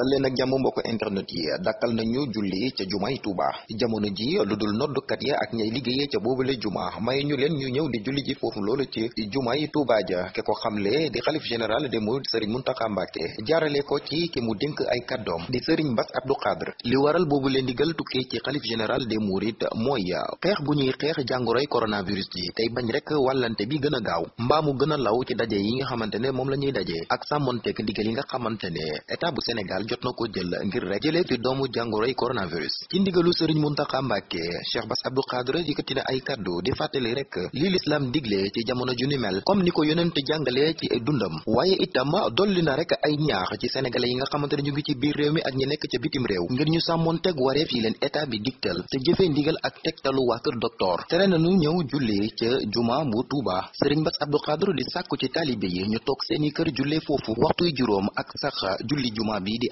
dal leen ak jàmm mbokk internet yi dakkal nañu julli ca jumay Touba jamono ji lu dul noddukat ya ak ñay liggéeyee ca boobule juma may ñu leen ñu ñëw di julli ji foofu loolu ci jumay Touba ja ke ko xamle di xalif général des mourides Serigne Mountakha Mbacké jaarale ko ci ki mu dénk ay kàddoom di Serigne Bass du Khadre li waral boobu boobule ndigal tukkee ci xalif général des mourides mooy xeex bu ñuy xeex jàngoroy coronavirus ji tey bañ rek wàllante bi gën a gaaw mbaa gën a law ci daje yi nga xamante ne moom la ñuy daje ak sàmmonteek ndigal yi nga xamante ne état bu Sénégal jot na ko jël ngir rek jëlee fi doomu jàngoroy coronavirus ci ndigalu sëriñ Muntaxa Mbàkke Cheikh Bass Abdou Khadre yëkkati na ay kàddu di fàttali rek li lislaam digle ci jamono ju ni mel comme ni ko yonent jàngale ci dundam waaye itam dolli na rek ay ñaax ci sénégalais yi nga xamante ne ñu gi ci biir réew mi ak ñi nekk ca bitim réew ngir ñu sàmmoon teg wareef yi leen état bi digtal te jëfee ndigal ak tegtalu waa kër docteur tere na nu ñëw bu Tuuba sëriñ Bass Abdou Khadre di sàkku ci taalibe yi ñu toog seeni kër jullee foofu waxtuy juróom ak sax julli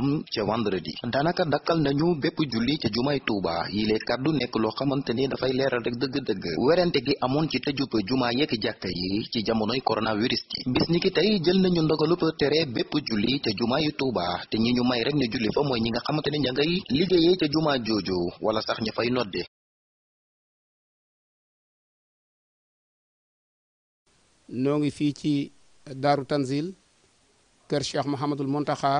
am ca vendredi daanaka dakkal nañu bépp julli ca jumaay Tuuba yile kàddu nekk loo xamante ni dafay leeral rek dëgg-dëgg werante gi amoon ci tëjub jumaa yeek jàkka yi ci jamonoy coronavirus ci bis ni ki tey jël nañu ndogalub tere bépp julli ca jumaayu Tuuba te ñi ñu may rek ñu julli mooy ñi nga xamante ne ña ngay liggéeyee jumaa jooju wala sax ña fay nodde noo ngi fii ci daaru tanzil kër cheikh mohamadul montaxa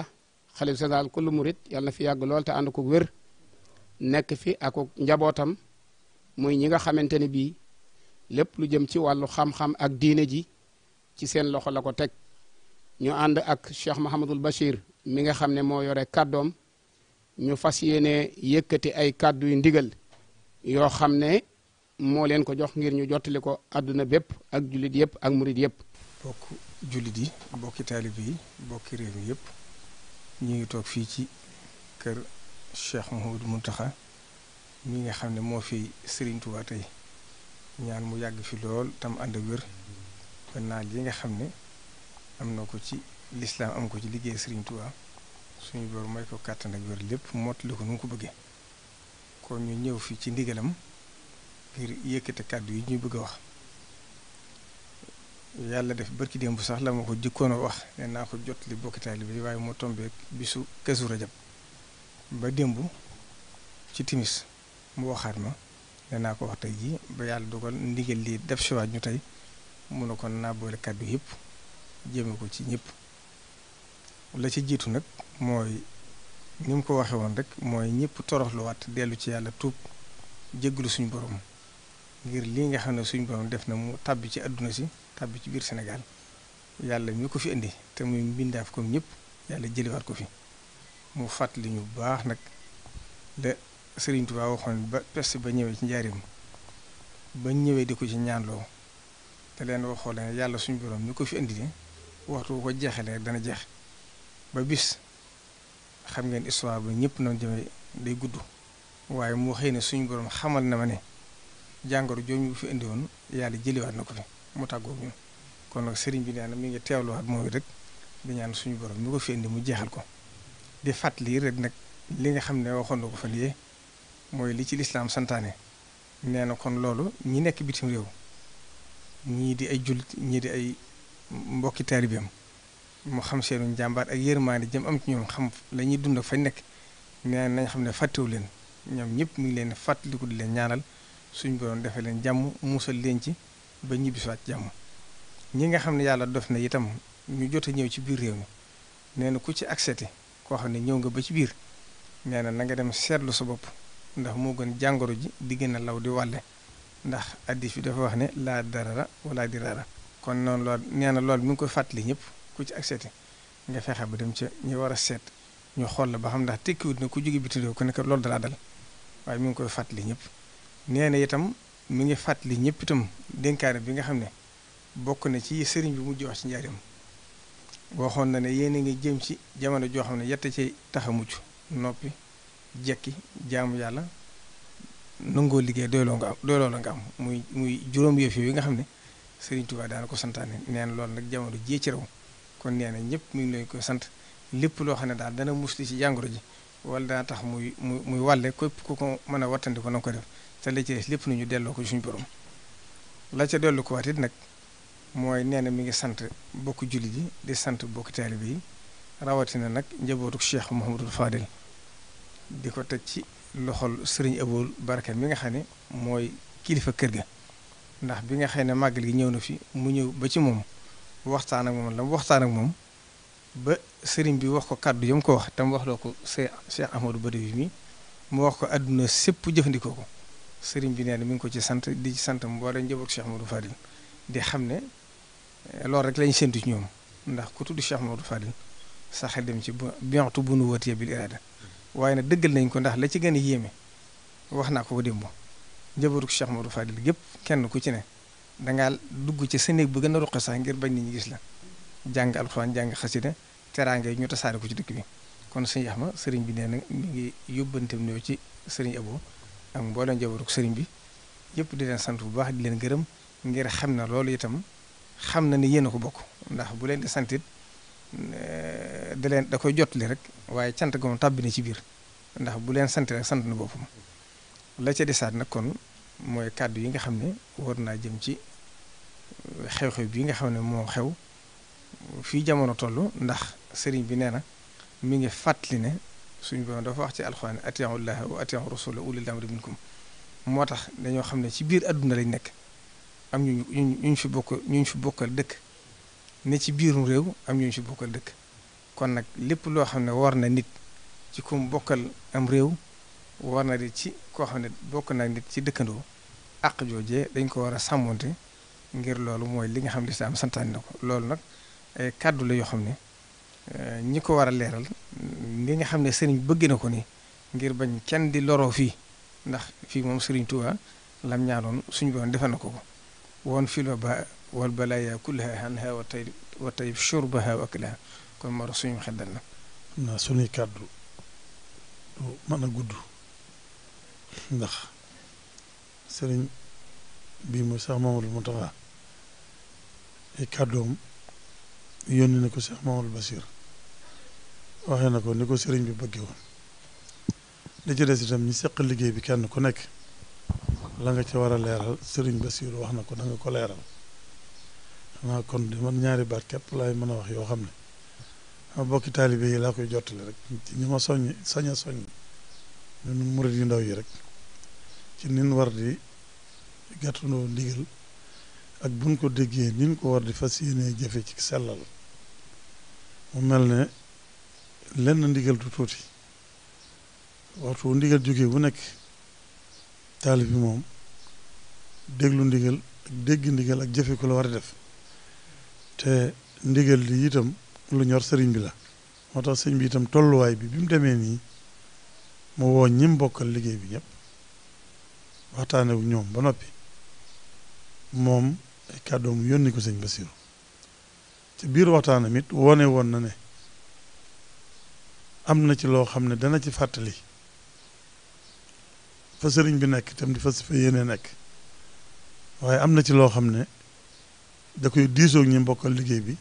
xalif général kullu murit yàlla na fi yàgg lool te ànd ko wér nekk fi ak njabootam muy ñi nga xamante ne bii lépp lu jëm ci wàllu xam-xam ak diine ji ci seen loxo la ko teg ñu ànd ak Cheikh Mahamadul Bachir mi nga xam ne moo yore kàddoom ñu fas yéene yëkkati ay kàddu yu ndigal yoo xam ne moo leen ko jox ngir ñu jottali ko àdduna bépp ak jullit yëpp ak murit yëpp. bokk jullit yi bokki taalib yi bokki réew mi yëpp. ñu ngi toog fii ci kër Cheikh Mouhamadou taxa mi nga xam ne moo fi Serigne Touba tey ñaan mu yàgg fi lool tam ànd ak wér ba naaj yi nga xam ne am na ko ci lislaam am ko ci liggéey sëriñtuwaa suñu boor may ko kàttan ak wér lépp mottali ko nu mu ko bëggee kon ñu ñëw fii ci ndigalam ngir yëkkate kàddu yi ñuy bëgg a wax. yàlla def barki démb sax la ma ko jikkoon a wax nee naa ko jot li bokki taalibe bi waaye mu tombé bisu Kazu Rajab ba démbu ci timis mu waxaat ma nee naa ko wax tey jii ba yàlla dogal ndigal lii def si waat ñu tey mun na ko naa boole kàddu yëpp jéeme ko ci ñëpp la ci jiitu nag mooy ni mu ko waxee woon rek mooy ñëpp toroxluwaat dellu ci yàlla tuub jéggalu suñu borom. ngir lii nga xam ne suñ borom def na mu tàbbi ci àdduna si tàbbi ci biir Sénégal yàlla ñu ko fi indi te muy mbindaaf comme ñëpp yàlla jëliwaat ko fi mu fàttali ñu baax nag la Sëriñ Tuubaa waxoon ba peste ci njaarim ba ñëwee di ko ci ñaanloo te leen waxoo leen yàlla suñ borom ñu ko fi indi waxtu ko jeexalee dana jeex ba bis xam ngeen histoire ba ñëpp noonu jëmee day gudd waaye mu xëy ne suñu borom xamal na ma ne jàngoro jooju ñu fi indi woon yàlla jëliwaat na ko fi mu tàggoo ñu kon nag sëriñ bi nee na mi ngi teewluwaat moom mooy rek di ñaan suñu borom mi ko mu jeexal ko di fàttali rek nag li nga xam ne waxoon na ko fan yee mooy li ci lislaam santaane nee na kon loolu ñi nekk bitim réew ñii di ay jullit ñii di ay mbokki taalibeem mu xam seenu njàmbaar ak yërmaande jëm am ci ñoom xam la ñuy dund ak fañ nekk nee nañ xam ne fàttewu leen ñoom ñëpp mu ngi leen fàttaliku di leen ñaanal suñ borom defee leen jàmm musal leen ci ba ñibbisiwaat jàmm ñi nga xam ne yàlla def na itam ñu jote ñëw ci biir réew mi nee na ku ci accepté koo xam ne ñëw nga ba ci biir nee na na nga dem seetlu sa bopp ndax moo gën jàngoro ji di gën a law di wàlle ndax addis bi dafa wax ne laa darara wala dirara kon noonu lool nee na lool mu ngi koy fàttali ñëpp ku ci accepté nga fexe ba dem ca ñi war a seet ñu xool la ba xam ndax tekkiwut na ku jóge bitim réew ku nekk loolu dalaa dal waaye mu ngi koy fàttali ñëpp nee na itam mu ngi fàttali ñëpp itam dénkaane bi nga xam ne bokk na ci sëriñ bi mujj wax ci njaaram waxoon na ne yéen a ngi jëm ci jamono joo xam ne yette ci tax a mucc noppi jekki jaamu yàlla nangoo liggéey doyloo nga am doyloo la nga am muy muy juróom yëf yi nga xam ne sëriñ Tuubaa daana ko santaane nee lool nag jamono jii ci raw kon nee na ñëpp mi ngi leen koy sant lépp loo xam ne daal dana musli ci jàngoro ji wala dana tax muy muy muy wàlle képp ku ko mën a wattandi na ko def te la ci des lépp nañu delloo ko suñu borom la ca dellu ko waat nag mooy nee na mi ngi sant bokk jullit yi di sant bokk taalibe yi rawatina nag njabootu Cheikh Mouhamadul Fadel di ko teg ci loxol sëriñ Aboul Barka mi nga xam ne mooy kilifa kër ga ndax bi nga xam ne màggal gi ñëw na fi mu ñëw ba ci moom waxtaan ak moom la mu waxtaan ak moom ba sëriñ bi wax ko kàddu mu ko wax tam wax loo ko Cheikh Ahmadou Badawi mii mu wax ko àdduna sépp jëfandikoo ko sëriñ bi nee na mi ngi ko ci sant di ci sant mboolem njaboot Cheikh Modou Fadil di xam ne eh, loolu rek lañ séntu ci ñoom ndax ku tudd Cheikh Modou sax dem ci bientu bu nu wëtee bil irada waaye nag dëggal nañ ko ndax la ci gën a yéeme wax naa ko ko démb njabootu Cheikh Modou Fadil gépp kenn ku ci ne dangaa dugg ci sa néeg bu gën a ngir bañ nit ñi gis la jàng alxuraan jàng xasida teraanga yi ñu tasaare ko ci dëkk bi kon sëñ Yaxma sëriñ bi nee na mi ngi yóbbanteem ñëw ci sëriñ Abo ak mboolem njabootu sëriñ bi yëpp di leen sant bu baax di leen gërëm ngir xam na loolu itam xam na ni yéen a ko bokk ndax bu leen santit eh, da leen da koy jotali rek waaye cant ga moom ci biir ndax bu leen sant rek sant na boppam la ca desaat nag kon mooy kàddu yi nga xam ne war naa jëm ci eh, xew-xew bi nga xam ne moo xew fii jamono toll ndax sëriñ bi nee na mu ngi fàttali ne suñu borom dafa ci alxuraan atiu llaha wa atiu rasula ulil amri minkum moo tax dañoo xam ne ci biir àdduna lañ nekk am ñu ñu ñu fi bokk ñu fi bokkal dëkk ni ci biirum réew am ñu fi bokkal dëkk kon nag lépp loo xam ne war na nit ci kum bokkal am réew war na di ci koo xam ne bokk naa nit ci dëkkandoo àq joojee dañ ko war a sàmmonte ngir loolu mooy li nga xam ne lislaam santaani na ko loolu nag ay kàddu la yoo xam ne eh, ñi ko war a leeral li nga xam ne sëriñ bëgg na ko ni ngir bañ kenn di loroo fii ndax fii moom sëriñ Tuubaa lam ñaanoon suñu borom defal na ko ko woon fi la ba wal balaaya kullaha anha wa tay wa tay shurbaha wa aklaha kon suñu xeddal na suñuy kàddu mën a gudd ndax sëriñ bii mooy Cheikh Mamadou Mountakha ay kàddoom yónni na ko Cheikh Mamadou Bassir waxee na ko ni ko sëriñ bi bëggee woon li ci des itam ñi seq liggéey bi kenn ku nekk la nga ci war a leeral sëriñ ba Basiiru wax na ko da ko leeral xanaa kon di man ñaari baat képp laay mën a wax yoo xam ne ma bokki taalibe yi laa koy jottali rek ci ñi ma soññ sañ a soññ ñun murit yu ndaw yi rek ci nin war di gàttandoo ndigal ak buñ ko déggee nin ko war di fa yéenee jëfe ci sellal mu mel ne lenn ndigal tuuti waxtu ndigal jóge bu nekk taalif bi moom déglu ndigal ak dégg ndigal ak jëfe ko la war a def te ndigal li itam lu ñor sëriñ bi la moo tax sëriñ bi itam tolluwaay bi bi mu demee nii mu woo ñim bokkal liggéey bi ñëpp waxtaane wu ñoom ba noppi moom ay kàddoom yónni ko sëñ Basiru ci biir waxtaanam it wone woon na ne am na ci loo xam ne dana ci fàttali fa sëriñ bi nekk itam di fas fa yéene nekk waaye am na ci loo xam ne da koy diisoog ñi mbokkal liggéey bi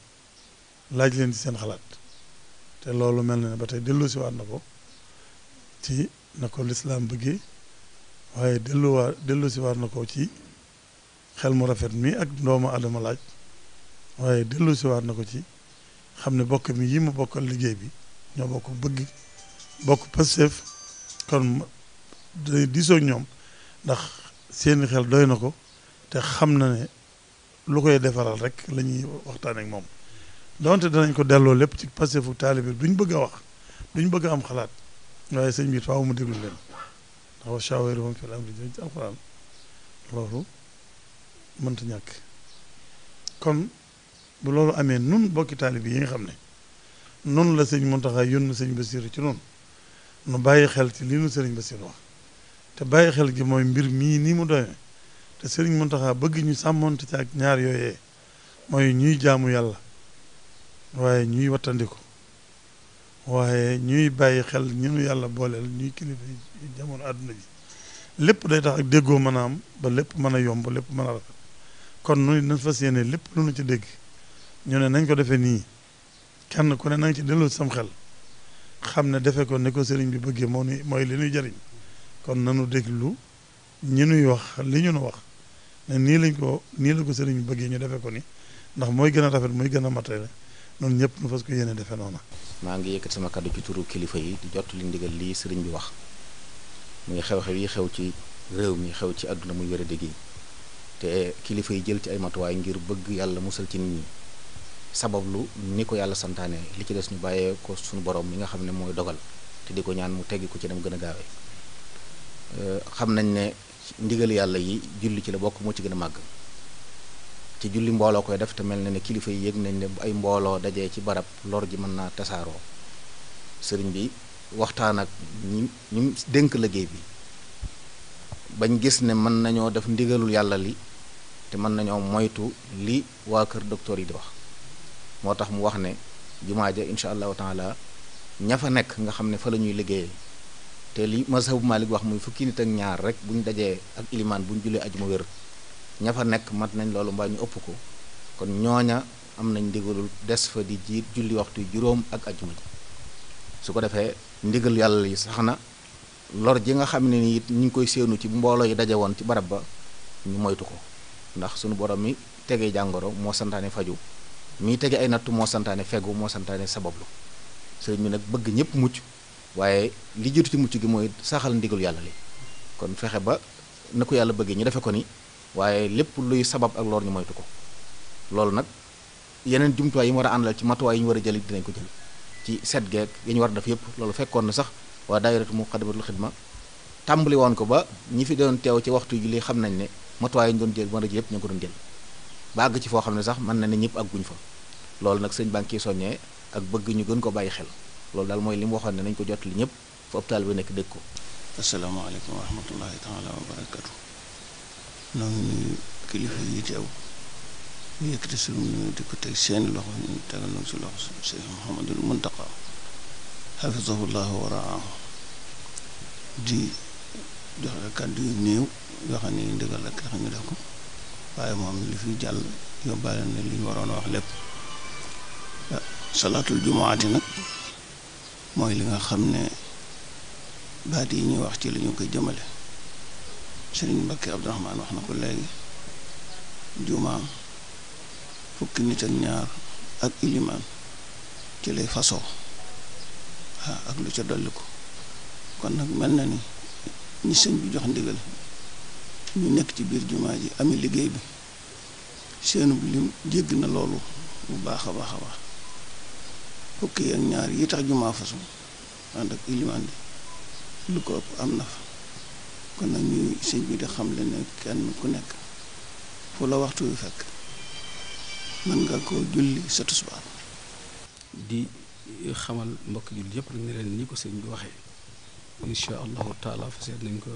laaj leen ci seen xalaat te loolu mel na ne ba tey delloosiwaat na ko ci na ko lislaam waaye delluwaa delloosiwaat na ko ci xel mu rafet mi ak doomu adama laaj waaye delloosiwaat na ko ci xam ne bokk mi yi mu bokkal liggéey bi ñoo bokk bëgg bokk Pastef kon dinañ diisoog ñoom ndax seeni xel doy na ko te xam na ne lu koy defaral rek la ñuy waxtaan ak moom donte danañ ko delloo lépp ci Pastefu taalibe duñ bëgg a wax duñ bëgg a am xalaat waaye sëñ bi faaw mu déglu leen ndax wa shaawiruhum fil amri jëm ci alxuraan loolu mënta ñàkk kon bu loolu amee nun bokki taalibe yi nga xam ne noonu la sëñ Muntaxa yónni sëñ Basiru ci noonu nu bàyyi xel ci lii nu sëriñ Basiru wax te bàyyi xel gi mooy mbir mii nii mu doyee te sëriñ Muntaxa bëgg ñu sàmmonte ci ak ñaar yooyee mooy ñuy jaamu yàlla waaye ñuy wattandiku waaye ñuy bàyyi xel ñunu yàlla booleel ñuy kilifa jamono àdduna ji lépp day tax ak déggoo mën a am ba lépp mën a yomb lépp mën a rafet kon nu nañ fas yéene lépp lu nu ci dégg ñoo ne nañ ko defee nii kenn ko ne na ci delloo sam xel xam ne defe ko ne ko sëriñ bi bëggee moo ni mooy li ñuy jariñ kon nanu déglu ñu nuy wax li ñu nu wax ne nii lañ ko nii la ko sëriñ bi bëggee ñu defe ko ni ndax mooy gën a rafet mooy gën a matale noonu ñëpp nu fas ko yéene defe noona maa ngi yëkkat sama kàddu ci turu kilifa yi di jot li ndigal lii sëriñ bi wax muy xew-xew yi xew ci réew mi xew ci àdduna muy wér a dégg te kilifa yi jël ci ay matuwaay ngir bëgg yàlla musal ci nit sabablu ni ko yàlla santaane li ci des ñu bàyyee ko suñu borom mi nga xam ne mooy dogal te di ko ñaan mu teggi ko ci dem gën a gaawee euh, xam nañ ne ndigal yàlla yi julli ci la bokk moo ci gën a màgg ci julli mbooloo koy def te mel na ne kilifa yi yëg nañ ne ay mbooloo dajee ci barab lor ji mën naa tasaaroo sëriñ bi waxtaan ak ñi ñu dénk liggéey bi bañ gis ne mën nañoo def ndigalul yàlla li te mën nañoo moytu li waa kër docteur yi di wax moo tax mu wax ne jumaa ja incha allahu taala ña fa nekk nga xam ne fa la ñuy liggéeyee te li mazhabu Malik wax muy fukki nit ak ñaar rek bu ñu dajee ak ilimaan bu ñu julee ajuma wér ña fa nekk mat nañ loolu mbaa ñu ëpp ko kon ñooña am nañ ndigalul des fa di jiit julli waxtu juróom ak ajuma ji su ko defee ndigal yàlla yi sax na lor ji nga xam ne ni it ñu ngi koy séenu ci mbooloo yi dajee woon ci barab ba ñu moytu ko ndax sunu borom mi tegee jàngoro moo santaane faju mii tege ay nattu moo santaane fegu moo santaane sabablu sëriñ bi nag bëgg ñëpp mucc waaye li jiitu ci mucc gi mooy saxal ndigal yàlla li kon fexe ba na ko yàlla bëggee ñu defe ko ni waaye lépp luy sabab ak lor ñu moytu ko loolu nag yeneen jumtuwaay yi mu war a àndal ci matuwaay yi ñu war a jël dinañ ko jël ci set geek yi ñu war a def yëpp loolu fekkoon na sax waa daayiratu muqaddamatul xidma tàmbali woon ko ba ñi fi doon teew ci waxtu ji li xam nañ ne matuwaay yi ñu doon a jël yëpp ko doon jël ba àgg ci foo xam ne sax mën na ne ñëpp àgguñ fa loolu nag sëñ banque yi soññee ak bëgg ñu gën ko bàyyi xel loolu daal mooy li mu waxoon ne nañ ko jotali ñëpp fa taal bi nekk dëkk ko asalaamaaleykum wa rahmatullahi yi teew ñu di seen loxo ñu tegal nañ si loxo Cheikh Mouhamadul Muntaqa joxe kàddu yu néew yoo xam ne ndigal ak yoo xam def ko waaye moom li fi jàll yóbbaale na li waroon a wax lépp salaatul jumaati nag mooy li nga xam ne baat yi ñuy wax ci la ñu koy jëmale sëriñ Mbakke Abdurahmaan wax na ko léegi jumaam fukki nit ak ñaar ak ilimaan ci lay fasoo ak lu ca dolli ko kon nag mel na ni ñi sëñ bi jox ndigal ñu nekk ci biir jumaa ji amee liggéey bi seenu lim jégg na loolu bu baax a baax a baax fukki ak ñaar yi tax jumaa fasu ànd ak ilimaan lu ko ëpp am na fa kon nag ñuy sëñ bi di xam le ne kenn ku nekk fu la waxtu wi fekk mën nga ko julli sa tusbaar di xamal mbokk julli yëpp rek ne leen ni ko sëñ bi waxee incha allahu taala fa nañ ko